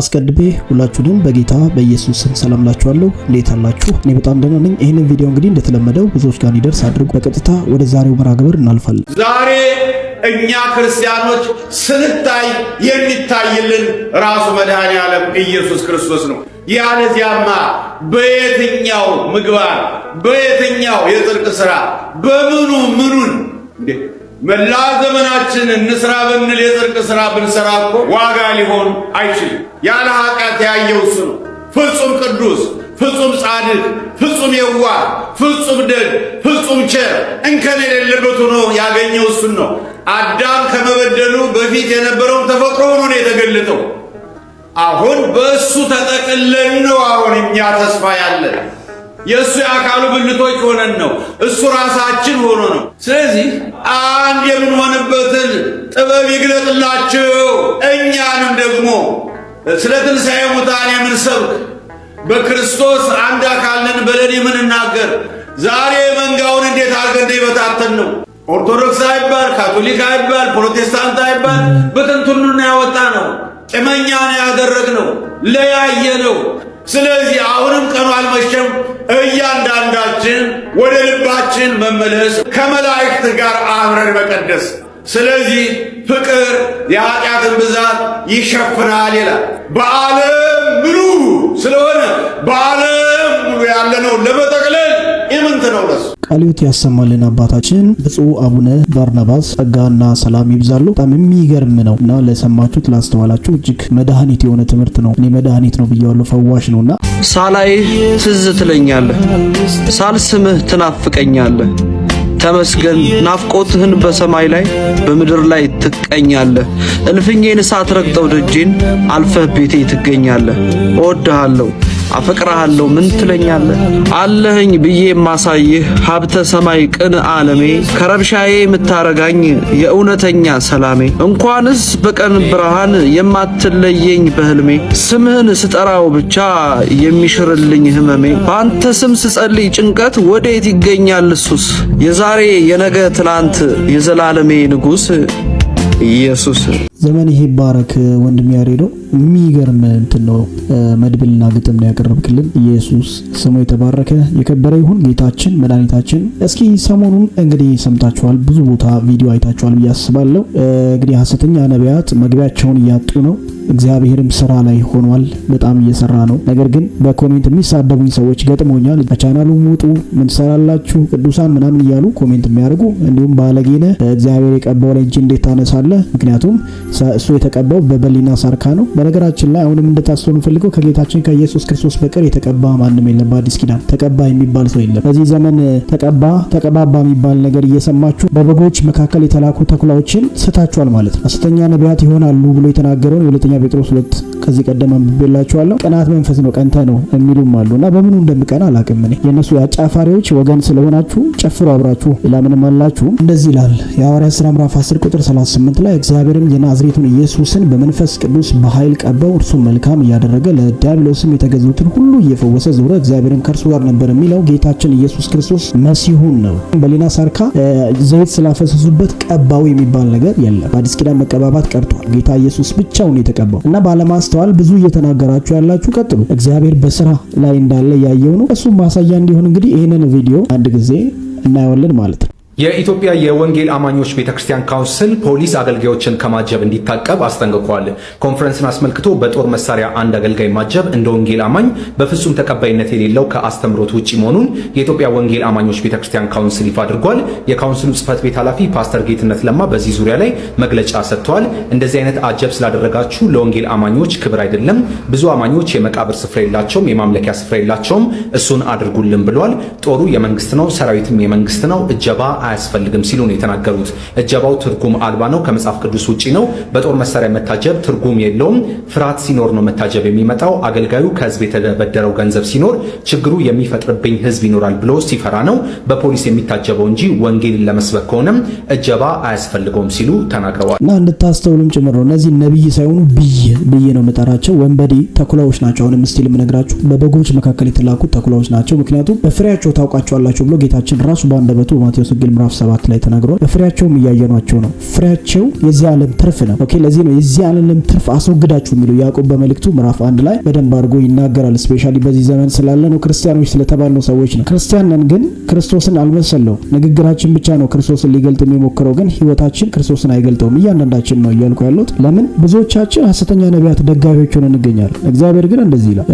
አስቀድሜ ሁላችሁንም በጌታ በኢየሱስ ስም ሰላም ላችኋለሁ። እንዴት አላችሁ? እኔ በጣም ደህና ነኝ። ይህንን ቪዲዮ እንግዲህ እንደተለመደው ብዙዎች ጋር እንዲደርስ አድርጉ። በቀጥታ ወደ ዛሬው መርሃ ግብር እናልፋለን። ዛሬ እኛ ክርስቲያኖች ስንታይ የሚታይልን ራሱ መድኃኔ ዓለም ኢየሱስ ክርስቶስ ነው። ያለዚያማ በየትኛው ምግባር፣ በየትኛው የጽድቅ ሥራ፣ በምኑ ምኑን መላ ዘመናችን እንስራ ብንል የጽድቅ ስራ ብንሰራ እኮ ዋጋ ሊሆን አይችልም። ያለ ኃጢአት ያየው እሱ ነው። ፍጹም ቅዱስ፣ ፍጹም ጻድቅ፣ ፍጹም የዋህ፣ ፍጹም ደግ፣ ፍጹም ቸር እንከን የሌለበት ሆኖ ያገኘው እሱን ነው። አዳም ከመበደሉ በፊት የነበረውን ተፈጥሮ ሆኖ ነው የተገለጠው። አሁን በእሱ ተጠቅለን ነው አሁን እኛ ተስፋ ያለን የእሱ የአካሉ ብልቶች ሆነን ነው። እሱ ራሳችን ሆኖ ነው። ስለዚህ አንድ የምንሆንበትን ጥበብ ይግለጥላችሁ። እኛንም ደግሞ ስለ ትንሣኤ ሙታን የምንሰብክ በክርስቶስ አንድ አካል ነን ብለን የምንናገር ዛሬ መንጋውን እንዴት አድርገን እንደበታተን ነው። ኦርቶዶክስ አይባል፣ ካቶሊክ አይባል፣ ፕሮቴስታንት አይባል ብትንትኑን ያወጣ ነው። ጭመኛ ነው ያደረግ ነው ለያየ ነው ስለዚህ አሁንም ቀኑ አልመሸም። እያንዳንዳችን ወደ ልባችን መመለስ ከመላእክት ጋር አብረን መቀደስ። ስለዚህ ፍቅር የኃጢአትን ብዛት ይሸፍናል ይላል። በዓለም ምሉ ስለሆነ በዓለም ሙሉ ያለነው ለመጠቅለል ኢምንት ነው ለሱ ቃልዮት ያሰማልን አባታችን ብፁዕ አቡነ ባርናባስ ጸጋና ሰላም ይብዛሉ። በጣም የሚገርም ነው እና ለሰማችሁት ላስተዋላችሁ እጅግ መድኃኒት የሆነ ትምህርት ነው። እኔ መድኃኒት ነው ብያዋለሁ፣ ፈዋሽ ነው እና ሳላይህ ትዝ ትለኛለህ፣ ሳልስምህ ትናፍቀኛለህ። ተመስገን ናፍቆትህን በሰማይ ላይ በምድር ላይ ትቀኛለህ። እልፍኜን ሳትረግጠው ደጄን አልፈህ ቤቴ ትገኛለህ። እወድሃለሁ አፈቅርሃለሁ ምን ትለኛለህ? አለህኝ ብዬ የማሳይህ ሀብተ ሰማይ ቅን ዓለሜ ከረብሻዬ የምታረጋኝ የእውነተኛ ሰላሜ እንኳንስ በቀን ብርሃን የማትለየኝ በህልሜ ስምህን ስጠራው ብቻ የሚሽርልኝ ህመሜ በአንተ ስም ስጸልይ ጭንቀት ወዴት ይገኛል እሱስ የዛሬ የነገ ትላንት የዘላለሜ ንጉሥ ኢየሱስ ዘመን ይሄ ባረክ ወንድም ያሬዶ የሚገርም እንትን ነው። መድብልና ግጥም ነው ያቀረብክልን። ኢየሱስ ስሙ የተባረከ የከበረ ይሁን ጌታችን መድኃኒታችን። እስኪ ሰሞኑን እንግዲህ ሰምታችኋል፣ ብዙ ቦታ ቪዲዮ አይታችኋል ብዬ አስባለሁ። እንግዲህ ሐሰተኛ ነቢያት መግቢያቸውን እያጡ ነው። እግዚአብሔርም ስራ ላይ ሆኗል፣ በጣም እየሰራ ነው። ነገር ግን በኮሜንት የሚሳደቡኝ ሰዎች ገጥሞኛል። በቻናሉ ውጡ፣ ምን ትሰራላችሁ ቅዱሳን ምናምን እያሉ ኮሜንት የሚያደርጉ እንዲሁም ባለጌነ እግዚአብሔር የቀባው ላይ እጅ እንዴት ታነሳለህ? ምክንያቱም እሱ የተቀባው በበሊና ሳርካ ነው። በነገራችን ላይ አሁንም እንድታስተውሉ ፈልገው ከጌታችን ከኢየሱስ ክርስቶስ በቀር የተቀባ ማንም የለም። በአዲስ ኪዳን ተቀባ የሚባል ሰው የለም። በዚህ ዘመን ተቀባ ተቀባባ የሚባል ነገር እየሰማችሁ በበጎች መካከል የተላኩ ተኩላዎችን ስታችኋል ማለት ነው። ሐሰተኛ ነቢያት ይሆናሉ ብሎ የተናገረውን የሁለተኛ ጴጥሮስ ሁለት ከዚህ ቀደም አንብቤላችኋለሁ። ቅናት መንፈስ ነው ቀንተ ነው የሚሉም አሉ እና በምኑ እንደምቀና አላቅም። እኔ የእነሱ የአጫፋሪዎች ወገን ስለሆናችሁ ጨፍሮ አብራችሁ ይላምንም አላችሁ። እንደዚህ ይላል የሐዋርያት ሥራ ምዕራፍ 10 ቁጥር 38 ላይ እግዚአብሔርም የናዝ የናዝሬቱን ኢየሱስን በመንፈስ ቅዱስ በኃይል ቀበው እርሱ መልካም እያደረገ ለዲያብሎስም የተገዙትን ሁሉ እየፈወሰ ዞረ፣ እግዚአብሔርን ከእርሱ ጋር ነበር የሚለው ጌታችን ኢየሱስ ክርስቶስ መሲሁን ነው። በሌላ ሳርካ ዘይት ስላፈሰሱበት ቀባው የሚባል ነገር የለም። በአዲስ ኪዳን መቀባባት ቀርቷል። ጌታ ኢየሱስ ብቻውን የተቀባው እና ባለማስተዋል ብዙ እየተናገራችሁ ያላችሁ ቀጥሉ። እግዚአብሔር በስራ ላይ እንዳለ ያየው ነው። እሱም ማሳያ እንዲሆን እንግዲህ ይህንን ቪዲዮ አንድ ጊዜ እናየዋለን ማለት ነው። የኢትዮጵያ የወንጌል አማኞች ቤተክርስቲያን ካውንስል ፖሊስ አገልጋዮችን ከማጀብ እንዲታቀብ አስጠንቅቋል። ኮንፈረንስን አስመልክቶ በጦር መሳሪያ አንድ አገልጋይ ማጀብ እንደ ወንጌል አማኝ በፍጹም ተቀባይነት የሌለው ከአስተምሮት ውጭ መሆኑን የኢትዮጵያ ወንጌል አማኞች ቤተክርስቲያን ካውንስል ይፋ አድርጓል። የካውንስሉ ጽህፈት ቤት ኃላፊ ፓስተር ጌትነት ለማ በዚህ ዙሪያ ላይ መግለጫ ሰጥተዋል። እንደዚህ አይነት አጀብ ስላደረጋችሁ ለወንጌል አማኞች ክብር አይደለም። ብዙ አማኞች የመቃብር ስፍራ የላቸውም፣ የማምለኪያ ስፍራ የላቸውም። እሱን አድርጉልን ብሏል። ጦሩ የመንግስት ነው፣ ሰራዊትም የመንግስት ነው። እጀባ አያስፈልግም ሲሉ ነው የተናገሩት። እጀባው ትርጉም አልባ ነው፣ ከመጽሐፍ ቅዱስ ውጪ ነው። በጦር መሳሪያ መታጀብ ትርጉም የለውም። ፍርሃት ሲኖር ነው መታጀብ የሚመጣው። አገልጋዩ ከህዝብ የተበደረው ገንዘብ ሲኖር ችግሩ የሚፈጥርብኝ ህዝብ ይኖራል ብሎ ሲፈራ ነው በፖሊስ የሚታጀበው እንጂ ወንጌልን ለመስበክ ከሆነም እጀባ አያስፈልገውም ሲሉ ተናግረዋል። እና እንድታስተውሉም ጭምር ነው። እነዚህ ነቢይ ሳይሆኑ ብይ ብዬ ነው የምጠራቸው። ወንበዴ ተኩላዎች ናቸው። አሁንም ስቲል የምነግራችሁ በበጎች መካከል የተላኩት ተኩላዎች ናቸው። ምክንያቱም በፍሬያቸው ታውቃቸዋላቸው ብሎ ጌታችን ራሱ በአንደበቱ በማቴዎስ ወንጌል ምዕራፍ ሰባት ላይ ተናግሯል። ፍሬያቸውም እያየኗቸው ነው። ፍሬያቸው የዚህ ዓለም ትርፍ ነው። ኦኬ ለዚህ ነው የዚህ ዓለም ትርፍ አስወግዳችሁ የሚለው ያዕቆብ በመልእክቱ ምዕራፍ አንድ ላይ በደንብ አድርጎ ይናገራል። ስፔሻሊ በዚህ ዘመን ስላለ ነው ክርስቲያኖች ስለተባሉ ሰዎች ነው። ክርስቲያን ነን፣ ግን ክርስቶስን አልመሰለው። ንግግራችን ብቻ ነው ክርስቶስን ሊገልጥ የሚሞክረው፣ ግን ህይወታችን ክርስቶስን አይገልጠውም። እያንዳንዳችን ነው እያልኩ ያሉት ለምን ብዙዎቻችን ሐሰተኛ ነቢያት ደጋፊዎች ሆነን እንገኛለን። እግዚአብሔር ግን እንደዚህ ይላል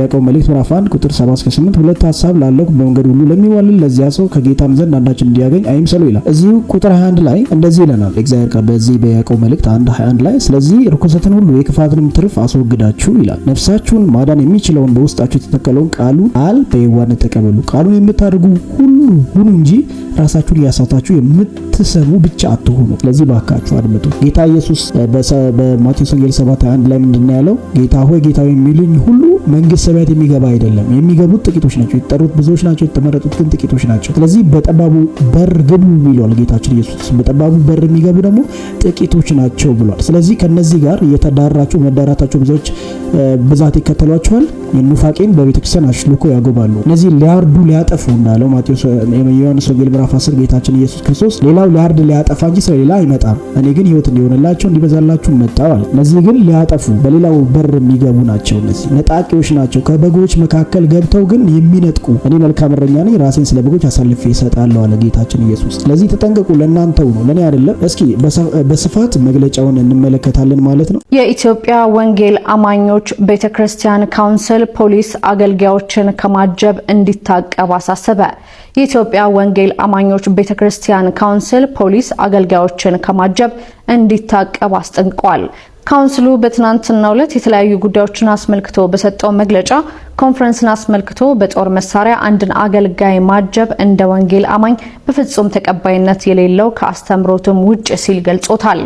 ያዕቆብ መልእክት ምዕራፍ 1 ቁጥር 7 እስከ 8 ሁለት ሐሳብ ላለው በመንገድ ሁሉ ለሚዋልል ለዚያ ሰው ከጌታም ዘንድ አንዳችን እንዲያገኝ የሚያገኝ አይምሰሉ ይላል። እዚህ ቁጥር 21 ላይ እንደዚህ ይለናል እግዚአብሔር ቃል በዚህ በያዕቆብ መልእክት 1 21 ላይ ስለዚህ ርኩሰትን ሁሉ የክፋትንም ትርፍ አስወግዳችሁ ይላል ነፍሳችሁን ማዳን የሚችለውን በውስጣችሁ የተተከለውን ቃሉ አል በየዋህነት ተቀበሉ። ቃሉን የምታደርጉ ሁሉ ሁኑ እንጂ ራሳችሁን እያሳታችሁ የምትሰሙ ብቻ አትሆኑ። ስለዚህ ባካችሁ አድምጡ። ጌታ ኢየሱስ በማቴዎስ ወንጌል 7 21 ላይ ምንድን ነው ያለው? ጌታ ሆይ ጌታ የሚሉኝ ሁሉ መንግስት ሰማያት የሚገባ አይደለም። የሚገቡት ጥቂቶች ናቸው። የተጠሩት ብዙዎች ናቸው፣ የተመረጡት ግን ጥቂቶች ናቸው። ስለዚህ በጠባቡ በር ግቡ ይሏል ጌታችን ኢየሱስ። በጠባቡ በር የሚገቡ ደግሞ ጥቂቶች ናቸው ብሏል። ስለዚህ ከነዚህ ጋር የተዳራቸው መዳራታቸው ብዙዎች ብዛት ይከተሏቸዋል፣ ኑፋቄን በቤተክርስቲያን አሽልኮ ያጎባሉ። እነዚህ ሊያርዱ ሊያጠፉ እንዳለው ማቴዎስ የዮሐንስ ወንጌል ምዕራፍ 10 ጌታችን ኢየሱስ ክርስቶስ ሌላው ሊያርድ ሊያጠፋ እንጂ ስለሌላ አይመጣም፣ እኔ ግን ህይወት እንዲሆንላቸው እንዲበዛላችሁ መጣዋል እነዚህ ግን ሊያጠፉ በሌላው በር የሚገቡ ናቸው። እነዚህ ነጣቂ ነጣቂዎች ናቸው። ከበጎች መካከል ገብተው ግን የሚነጥቁ እኔ መልካም እረኛ ነኝ፣ ራሴን ስለ በጎች አሳልፌ እሰጣለሁ አለ ጌታችን ኢየሱስ። ስለዚህ ተጠንቀቁ፣ ለእናንተው ነው ለእኔ አይደለም። እስኪ በስፋት መግለጫውን እንመለከታለን ማለት ነው። የኢትዮጵያ ወንጌል አማኞች ቤተ ክርስቲያን ካውንስል ፖሊስ አገልጋዮችን ከማጀብ እንዲታቀብ አሳሰበ። የኢትዮጵያ ወንጌል አማኞች ቤተ ክርስቲያን ካውንስል ፖሊስ አገልጋዮችን ከማጀብ እንዲታቀብ አስጠንቅቋል። ካውንስሉ በትናንትናው ዕለት የተለያዩ ጉዳዮችን አስመልክቶ በሰጠው መግለጫ ኮንፈረንስን አስመልክቶ በጦር መሳሪያ አንድን አገልጋይ ማጀብ እንደ ወንጌል አማኝ በፍጹም ተቀባይነት የሌለው ከአስተምሮትም ውጭ ሲል ገልጾታል።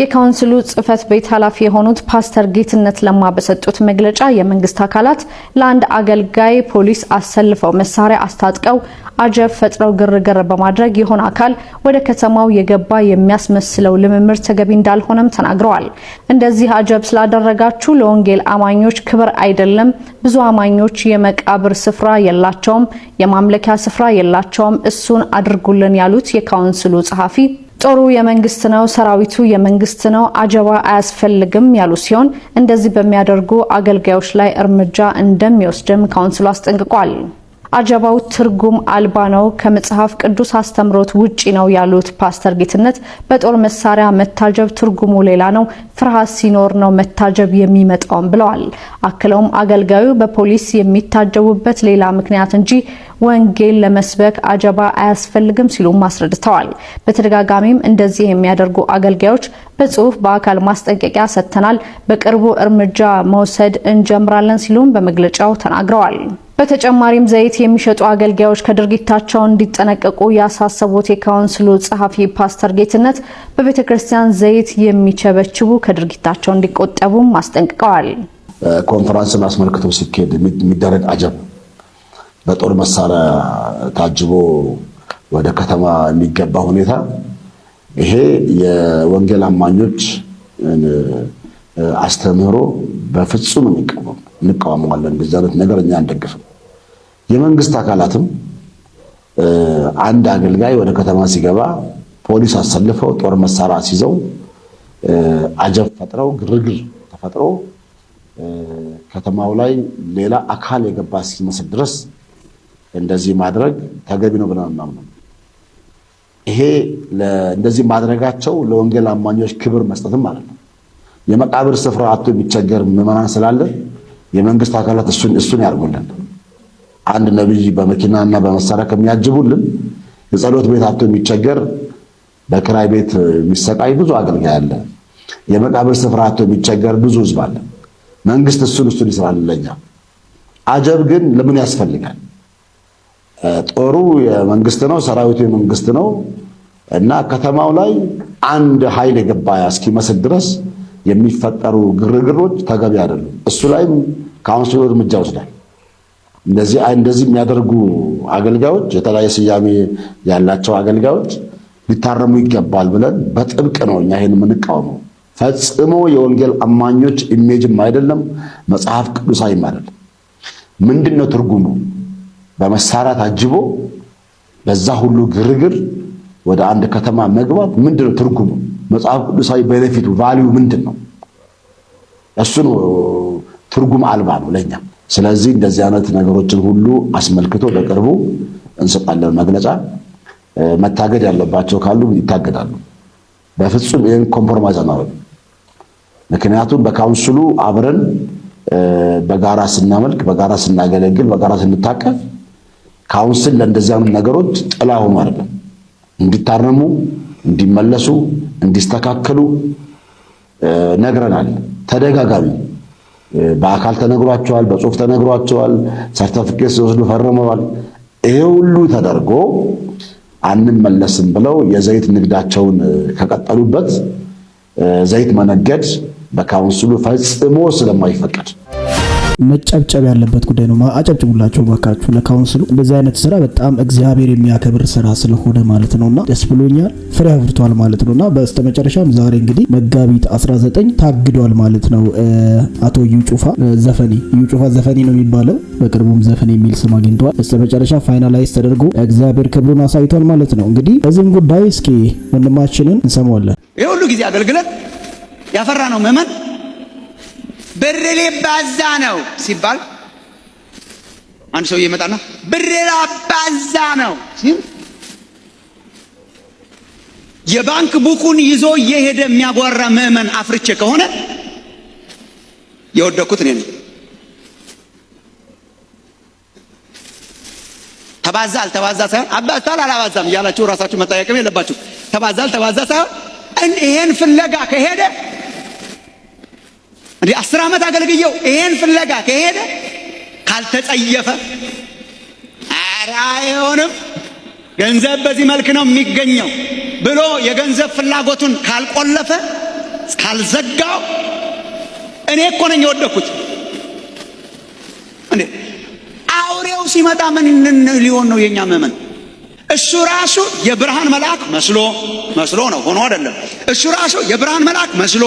የካውንስሉ ጽህፈት ቤት ኃላፊ የሆኑት ፓስተር ጌትነት ለማ በሰጡት መግለጫ የመንግስት አካላት ለአንድ አገልጋይ ፖሊስ አሰልፈው መሳሪያ አስታጥቀው አጀብ ፈጥረው ግርግር በማድረግ የሆነ አካል ወደ ከተማው የገባ የሚያስመስለው ልምምድ ተገቢ እንዳልሆነም ተናግረዋል። እንደዚህ አጀብ ስላደረጋችሁ ለወንጌል አማኞች ክብር አይደለም። ብዙ አማኞች የመቃብር ስፍራ የላቸውም፣ የማምለኪያ ስፍራ የላቸውም። እሱን አድርጉልን ያሉት የካውንስሉ ጸሐፊ ጦሩ የመንግስት ነው፣ ሰራዊቱ የመንግስት ነው፣ አጀባ አያስፈልግም ያሉ ሲሆን እንደዚህ በሚያደርጉ አገልጋዮች ላይ እርምጃ እንደሚወስድም ካውንስሉ አስጠንቅቋል። አጀባው ትርጉም አልባ ነው፣ ከመጽሐፍ ቅዱስ አስተምሮት ውጪ ነው ያሉት ፓስተር ጌትነት በጦር መሳሪያ መታጀብ ትርጉሙ ሌላ ነው፣ ፍርሃት ሲኖር ነው መታጀብ የሚመጣውም ብለዋል። አክለውም አገልጋዩ በፖሊስ የሚታጀቡበት ሌላ ምክንያት እንጂ ወንጌል ለመስበክ አጀባ አያስፈልግም ሲሉም አስረድተዋል። በተደጋጋሚም እንደዚህ የሚያደርጉ አገልጋዮች በጽሁፍ በአካል ማስጠንቀቂያ ሰጥተናል፣ በቅርቡ እርምጃ መውሰድ እንጀምራለን ሲሉም በመግለጫው ተናግረዋል። በተጨማሪም ዘይት የሚሸጡ አገልጋዮች ከድርጊታቸው እንዲጠነቀቁ ያሳሰቡት የካውንስሉ ጸሐፊ ፓስተር ጌትነት በቤተ ክርስቲያን ዘይት የሚቸበችቡ ከድርጊታቸው እንዲቆጠቡም አስጠንቅቀዋል። ኮንፈረንስን አስመልክቶ ሲካሄድ የሚደረግ አጀብ በጦር መሳሪያ ታጅቦ ወደ ከተማ የሚገባ ሁኔታ ይሄ የወንጌል አማኞች አስተምህሮ በፍጹም እንቃወመዋለን። እንደዚህ አይነት ነገር እኛ አንደግፍም። የመንግስት አካላትም አንድ አገልጋይ ወደ ከተማ ሲገባ ፖሊስ አሰልፈው ጦር መሳሪያ ሲይዘው አጀብ ፈጥረው ግርግር ተፈጥሮ ከተማው ላይ ሌላ አካል የገባ እስኪመስል ድረስ እንደዚህ ማድረግ ተገቢ ነው ብለን አናምንም። ይሄ እንደዚህ ማድረጋቸው ለወንጌል አማኞች ክብር መስጠትም ማለት ነው። የመቃብር ስፍራ አቶ የሚቸገር ምዕመናን ስላለ የመንግስት አካላት እሱን ያርጉልን። አንድ ነቢይ በመኪናና በመሳሪያ ከሚያጅቡልን የጸሎት ቤት አቶ የሚቸገር በክራይ ቤት የሚሰቃይ ብዙ አገልጋይ አለ። የመቃብር ስፍራ አቶ የሚቸገር ብዙ ህዝብ አለ። መንግስት እሱን እሱን ይስራል አጀብ ግን ለምን ያስፈልጋል? ጦሩ የመንግስት ነው፣ ሰራዊቱ የመንግስት ነው እና ከተማው ላይ አንድ ኃይል የገባ እስኪመስል ድረስ የሚፈጠሩ ግርግሮች ተገቢ አይደሉም። እሱ ላይም ካውንስሉ እርምጃ ወስዳል። እንደዚህ እንደዚህ የሚያደርጉ አገልጋዮች የተለያየ ስያሜ ያላቸው አገልጋዮች ሊታረሙ ይገባል ብለን በጥብቅ ነው እኛ ይህን የምንቃወመው። ፈጽሞ የወንጌል አማኞች ኢሜጅም አይደለም፣ መጽሐፍ ቅዱሳዊም አይደለም። ምንድን ነው ትርጉሙ? በመሳሪያ ታጅቦ በዛ ሁሉ ግርግር ወደ አንድ ከተማ መግባት ምንድን ነው ትርጉሙ? መጽሐፍ ቅዱሳዊ ቤኔፊቱ ቫሊዩ ምንድን ነው? እሱ ነው ትርጉም አልባ ነው ለእኛም ስለዚህ እንደዚህ አይነት ነገሮችን ሁሉ አስመልክቶ በቅርቡ እንሰጣለን መግለጫ። መታገድ ያለባቸው ካሉ ይታገዳሉ። በፍጹም ይህን ኮምፕሮማይዝ አናረግ። ምክንያቱም በካውንስሉ አብረን በጋራ ስናመልክ፣ በጋራ ስናገለግል፣ በጋራ ስንታቀፍ ካውንስል ለእንደዚህ አይነት ነገሮች ጥላ ሆኖ አይደለም እንዲታረሙ፣ እንዲመለሱ፣ እንዲስተካከሉ ነግረናል ተደጋጋሚ በአካል ተነግሯቸዋል፣ በጽሁፍ ተነግሯቸዋል፣ ሰርተፍኬት ሲወስዱ ፈርመዋል። ይሄ ሁሉ ተደርጎ አንመለስም ብለው የዘይት ንግዳቸውን ከቀጠሉበት ዘይት መነገድ በካውንስሉ ፈጽሞ ስለማይፈቀድ መጨብጨብ ያለበት ጉዳይ ነው። አጨብጭቡላቸው ባካችሁ ለካውንስሉ። እንደዚህ አይነት ስራ በጣም እግዚአብሔር የሚያከብር ስራ ስለሆነ ማለት ነውና ደስ ብሎኛል። ፍሬ አፍርቷል ማለት ነውና በስተመጨረሻም ዛሬ እንግዲህ መጋቢት 19 ታግዷል ማለት ነው። አቶ እዩ ጩፋ ዘፈኔ እዩ ጩፋ ነው የሚባለው። በቅርቡም ዘፈኔ የሚል ስም አግኝቷል። በስተመጨረሻ ፋይናላይዝ ተደርጎ እግዚአብሔር ክብሩን አሳይቷል ማለት ነው። እንግዲህ በዚህም ጉዳይ እስኪ ወንድማችንን እንሰማዋለን። ይህ ሁሉ ጊዜ አገልግሎት ያፈራ ነው ምዕመን ብር ሊባዛ ነው ሲባል አንድ ሰው ይመጣና ብር ላባዛ ነው ሲል የባንክ ቡኩን ይዞ እየሄደ የሚያጓራ ምዕመን አፍርቼ ከሆነ የወደኩት እኔ ነው። ተባዛ አልተባዛ ሳይሆን አባዝታል አላባዛም እያላችሁ ራሳችሁ መጠየቅም የለባችሁ። ተባዛ አልተባዛ ሳይሆን ይሄን ፍለጋ ከሄደ እንደ አስር ዓመት አገልግየው ይሄን ፍለጋ ከሄደ ካልተጸየፈ ኧረ አይሆንም፣ ገንዘብ በዚህ መልክ ነው የሚገኘው ብሎ የገንዘብ ፍላጎቱን ካልቆለፈ ካልዘጋው፣ እኔ እኮ ነኝ የወደኩት እንዴ! አውሬው ሲመጣ ምን ሊሆን ነው የኛ መመን? እሱ ራሱ የብርሃን መልአክ መስሎ መስሎ ነው ሆኖ አይደለም። እሱ ራሱ የብርሃን መልአክ መስሎ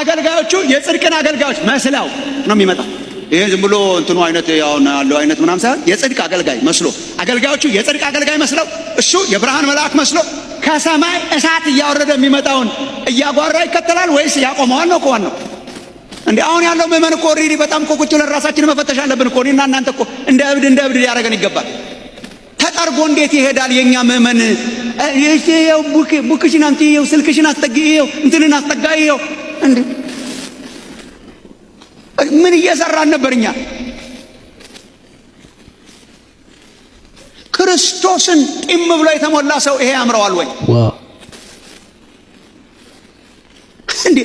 አገልጋዮቹ የጽድቅን አገልጋዮች መስለው ነው የሚመጣ። ይሄ ዝም ብሎ እንትኑ አይነት ያውን ያለው አይነት ምናምን ሳይሆን የጽድቅ አገልጋይ መስሎ አገልጋዮቹ የጽድቅ አገልጋይ መስለው እሱ የብርሃን መልአክ መስሎ ከሰማይ እሳት እያወረደ የሚመጣውን እያጓራ ይከተላል ወይስ ያቆመዋል? ነው ከዋን ነው እንዴ? አሁን ያለው ምዕመን እኮ ኦልሬዲ በጣም እኮ ቁጭ ብለን ራሳችንን መፈተሽ አለብን እኮ እኔና እናንተ እኮ እንደ እብድ እንደ እብድ ሊያደርገን ይገባል። ተጠርጎ እንዴት ይሄዳል የኛ ምዕመን? ይሄው ቡክ ቡክሽን አምጪ፣ ይሄው ስልክሽን አስጠጊ፣ ይሄው እንትንን አስጠጋ፣ ይሄው እንዴ ምን እየሰራን ነበር እኛ? ክርስቶስን ጢም ብሎ የተሞላ ሰው ይሄ ያምረዋል ወይ እንዴ?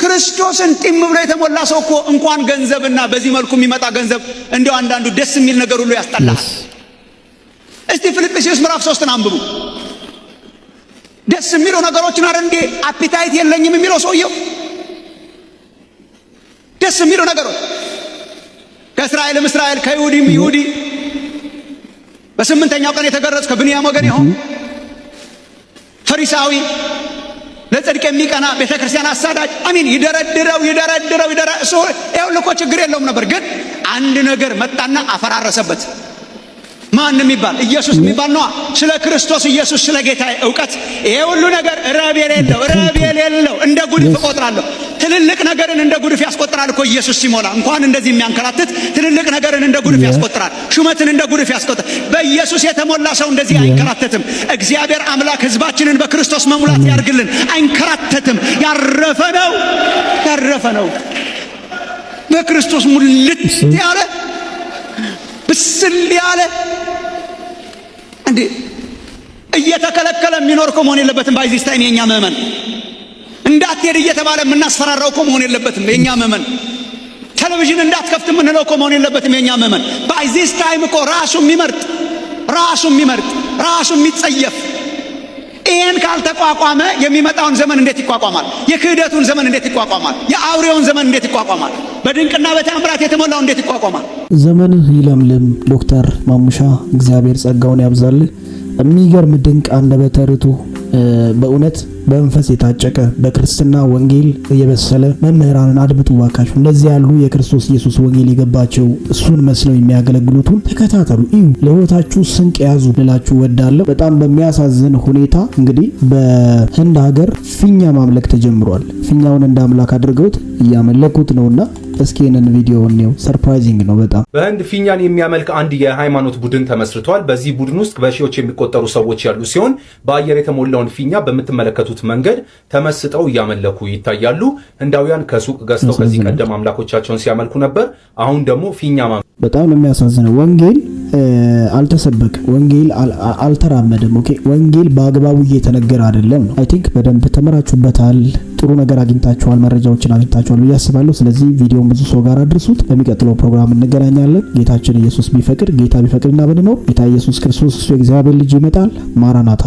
ክርስቶስን ጢም ብሎ የተሞላ ሰው እኮ እንኳን ገንዘብና በዚህ መልኩ የሚመጣ ገንዘብ እንዲያው አንዳንዱ ደስ የሚል ነገር ሁሉ ያስጠላል። እስቲ ፊልጵስዩስ ምዕራፍ ሶስትን አንብቡ። ደስ የሚለው ነገሮችን አረ እንዴ አፒታይት የለኝም የሚለው ሰውየው ደስ የሚሉ ነገሮች ከእስራኤልም እስራኤል ከይሁዲም ይሁዲ በስምንተኛው ቀን የተገረጽ ከብንያም ወገን ይሆን ፈሪሳዊ ለጽድቅ የሚቀና ቤተ ክርስቲያን አሳዳጅ አሚን ይደረድረው ይደረድረው ይደረ ይኸው ልኮ ችግር የለውም ነበር። ግን አንድ ነገር መጣና አፈራረሰበት። ማን የሚባል ኢየሱስ የሚባል ነዋ። ስለ ክርስቶስ ኢየሱስ ስለ ጌታ እውቀት ይሄ ሁሉ ነገር ረብ የሌለው ረብ የሌለው እንደ ጉድፍ እቆጥራለሁ ትልልቅ ነገርን እንደ ጉድፍ ያስቆጥራል እኮ ኢየሱስ ሲሞላ እንኳን እንደዚህ የሚያንከራትት ትልልቅ ነገርን እንደ ጉድፍ ያስቆጥራል። ሹመትን እንደ ጉድፍ ያስቆጥራል። በኢየሱስ የተሞላ ሰው እንደዚህ አይንከራተትም። እግዚአብሔር አምላክ ሕዝባችንን በክርስቶስ መሙላት ያርግልን። አይንከራተትም። ያረፈ ነው፣ ያረፈ ነው። በክርስቶስ ሙልት ያለ ብስል ያለ እንዴ እየተከለከለ የሚኖር እኮ የለበትም። ባይዚስታይን የኛ ምእመን እንዳትሄድ እየተባለ የምናስፈራራው እኮ መሆን የለበትም የእኛ መመን። ቴሌቪዥን እንዳትከፍት የምንለው እኮ መሆን የለበትም የእኛ መመን። ዚስ ታይም እኮ ራሱ የሚመርጥ ራሱ የሚመርጥ ራሱ የሚጸየፍ ይህን ካልተቋቋመ የሚመጣውን ዘመን እንዴት ይቋቋማል? የክህደቱን ዘመን እንዴት ይቋቋማል? የአውሬውን ዘመን እንዴት ይቋቋማል? በድንቅና በተአምራት የተሞላው እንዴት ይቋቋማል? ዘመን ይለምልም። ዶክተር ማሙሻ እግዚአብሔር ጸጋውን ያብዛልህ። የሚገርም ድንቅ አንደበተ ርቱዕ በእውነት በመንፈስ የታጨቀ በክርስትና ወንጌል የበሰለ መምህራንን አድምጡ ባካችሁ። እንደዚህ ያሉ የክርስቶስ ኢየሱስ ወንጌል የገባቸው እሱን መስለው የሚያገለግሉትን ተከታተሉ፣ እዩ፣ ለህይወታችሁ ስንቅ ያዙ ልላችሁ ወዳለሁ። በጣም በሚያሳዝን ሁኔታ እንግዲህ በህንድ ሀገር ፊኛ ማምለክ ተጀምሯል። ፊኛውን እንደ አምላክ አድርገውት እያመለኩት ነውና እስኪ ይህንን ቪዲዮ እኔው ሰርፕራይዚንግ ነው በጣም። በህንድ ፊኛን የሚያመልክ አንድ የሃይማኖት ቡድን ተመስርቷል። በዚህ ቡድን ውስጥ በሺዎች የሚቆጠሩ ሰዎች ያሉ ሲሆን በአየር የተሞላውን ፊኛ በምትመለከቱት መንገድ ተመስጠው እያመለኩ ይታያሉ። ህንዳውያን ከሱቅ ገዝተው ከዚህ ቀደም አምላኮቻቸውን ሲያመልኩ ነበር። አሁን ደግሞ ፊኛ በጣም ነው የሚያሳዝነው። ወንጌል አልተሰበክም፣ ወንጌል አልተራመደም። ኦኬ፣ ወንጌል በአግባቡ እየተነገረ አይደለም ነው። አይ ቲንክ በደንብ ተመራችሁበታል። ጥሩ ነገር አግኝታችኋል፣ መረጃዎችን አግኝታችኋል ብዬ አስባለሁ። ስለዚህ ቪዲዮን ብዙ ሰው ጋር አድርሱት። በሚቀጥለው ፕሮግራም እንገናኛለን። ጌታችን ኢየሱስ ቢፈቅድ ጌታ ቢፈቅድና ብንኖር ጌታ ኢየሱስ ክርስቶስ እሱ የእግዚአብሔር ልጅ ይመጣል። ማራናታ